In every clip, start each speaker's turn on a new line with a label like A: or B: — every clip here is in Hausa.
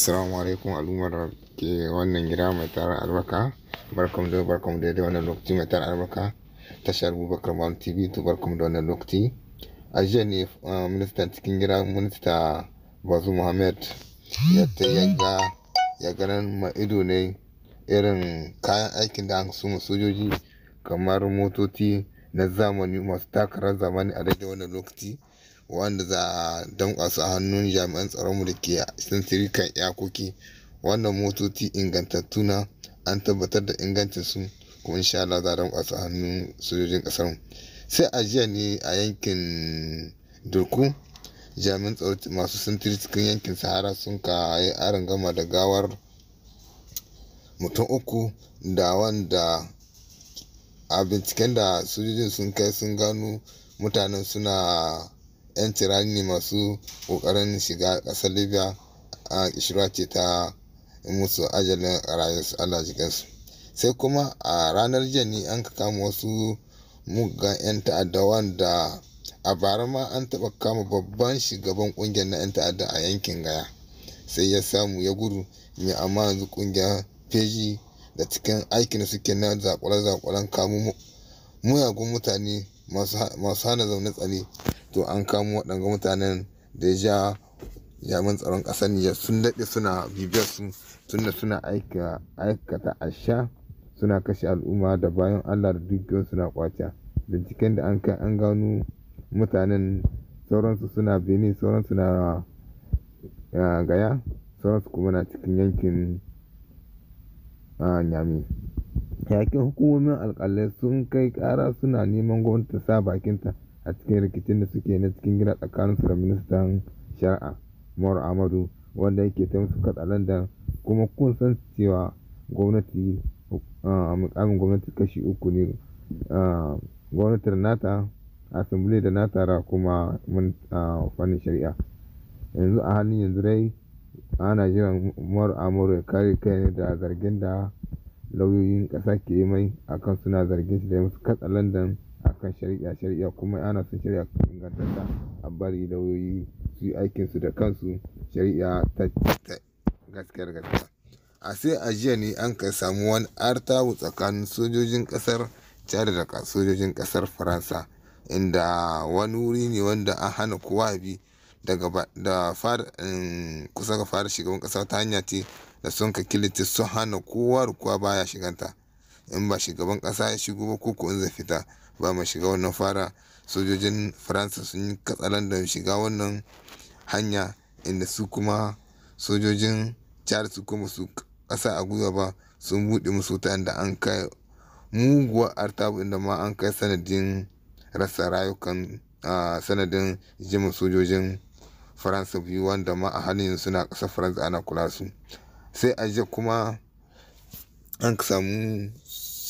A: Assalamu alaikum al'ummar ke wannan gida mai tara albarka barkam da barkam da da wannan lokaci mai tara albarka tashar Abubakar Malam TV to barkam da wannan lokaci a jiya ne ministan cikin gida minista Bazu Muhammad ya ta yaga ya ganin ma ido ne irin kayan aikin da an suma sojoji kamar motoci na zamani masu takarar zamani a daidai wannan lokaci wanda za a danƙwasa su a hannun jami'an tsaronmu da ke sintirikan iyakoki wannan motoci ingantattu na an tabbatar da ingancin su kuma insha Allah za a danƙwasa su hannun sojojin ƙasar sai a jiya ne a yankin durku jami'an tsaro masu sintiri cikin yankin sahara sun ka yi arin gama da gawar mutum uku da wanda a binciken da sojojin sun kai sun gano mutanen suna 'yan tirani ne masu kokarin shiga kasar libya a kishirwa ce ta musu ajalin rayuwarsu allah jikinsu sai kuma a ranar jiya an ka kama wasu mugan 'yan ta'adda wanda a bara ma an taba kama babban shugaban ƙungiyar na 'yan ta'adda a yankin gaya sai ya samu ya gudu mai amma yanzu kungiyar feji da cikin aikin suke na zakwale-zakwalen kamun muyagun mutane masu hana zaune tsani to an kamo waɗanga mutanen da ja jami'an tsaron ƙasar Nijar sun daɗe suna bibiyar su suna aikata asha suna kashe al'umma da bayan Allah da dukiyar suna kwace binciken da an kai an gano mutanen sauransu suna benin sauransu na eh, gaya sauransu kuma na cikin yankin ah, nyami yakin hukumomin alkalai sun kai ƙara suna neman gwamnati ta sa bakinta a cikin rikicin da suke na cikin gida tsakanin da ministan shari'a mor amadu wanda yake ta musu katsalandan kuma kun san cewa gwamnati mukamin gwamnati kashi uku ne gwamnatin nata asambule da nata ra kuma fannin shari'a yanzu a halin yanzu dai ana jiran mor amadu ya kare kai ne da zargin da lauyoyin ƙasa ke mai akan suna zargin shi da ya musu katsalandan akan shari'a shari'a kuma ana son shari'a ingantatta a bari lauyoyi su yi aikinsu da kansu shari'a ta gaskiyar gaskiya a sai a jiya ne an ka samu wani artabu tsakanin sojojin kasar chad da sojojin kasar faransa inda wani wuri ne wanda an hana kowa bi da kusa ga fara shugaban kasa ta hanya ce da sun ka kiliti sun hana kowa rukuwa baya shiganta in ba shugaban kasa ya shigo ba ko in zai fita ba mai shiga wannan fara sojojin faransa sun yi katsalan da shiga wannan hanya inda su kuma sojojin chad su kuma su ƙasa a gwiwa ba sun buɗe musu ta da an kai muguwar artabu inda ma an kai sanadin rasa rayukan sanadin jimin sojojin faransa biyu wanda ma a halin suna kasa faransa ana kula su sai a kuma an samu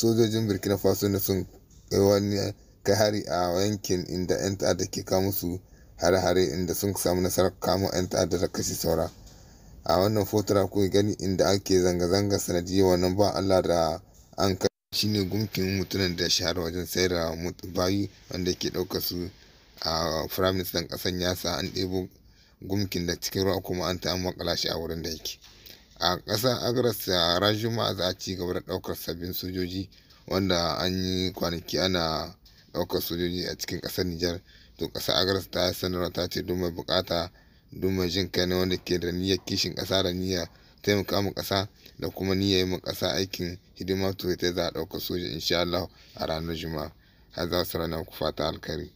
A: sojojin burkina faso ne sun wani kai hari a yankin inda 'yan ta'adda ke kawo su hare-hare inda sun samu nasarar kamo 'yan ta'adda da kashi saura a wannan fotura ku gani inda ake zanga-zanga sanadiyar wannan ba allah da an kai ne gumkin mutumin da shahara wajen sayar da bayu wanda ke ɗaukar su a firaministan ƙasar yasa an ɗebo gumkin da cikin ruwa kuma an ta kalashi makala shi a wurin da yake a ƙasar agras a juma'a za a ci gaba da ɗaukar sabbin sojoji wanda an yi kwanaki ana ɗaukar sojoji a cikin ƙasar nijar to ƙasar agras ta yi sanarwa ta ce don mai bukata don mai jin kai na wanda ke da niyyar kishin ƙasa da niyyar taimaka mu ƙasa da kuma niyyar mu ƙasa aikin hidima to ita za a ɗaukar soja insha Allah a ranar juma'a har za su rana ku fata alkari